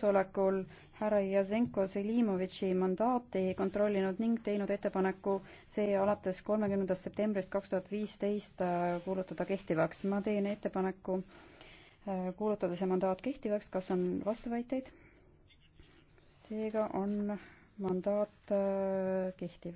koosolekul härra Jazenko Selimovitši mandaati kontrollinud ning teinud ettepaneku see alates kolmekümnendast septembrist kaks tuhat viisteist äh, kuulutada kehtivaks. ma teen ettepaneku äh, kuulutada see mandaat kehtivaks, kas on vastuväiteid? seega on mandaat äh, kehtiv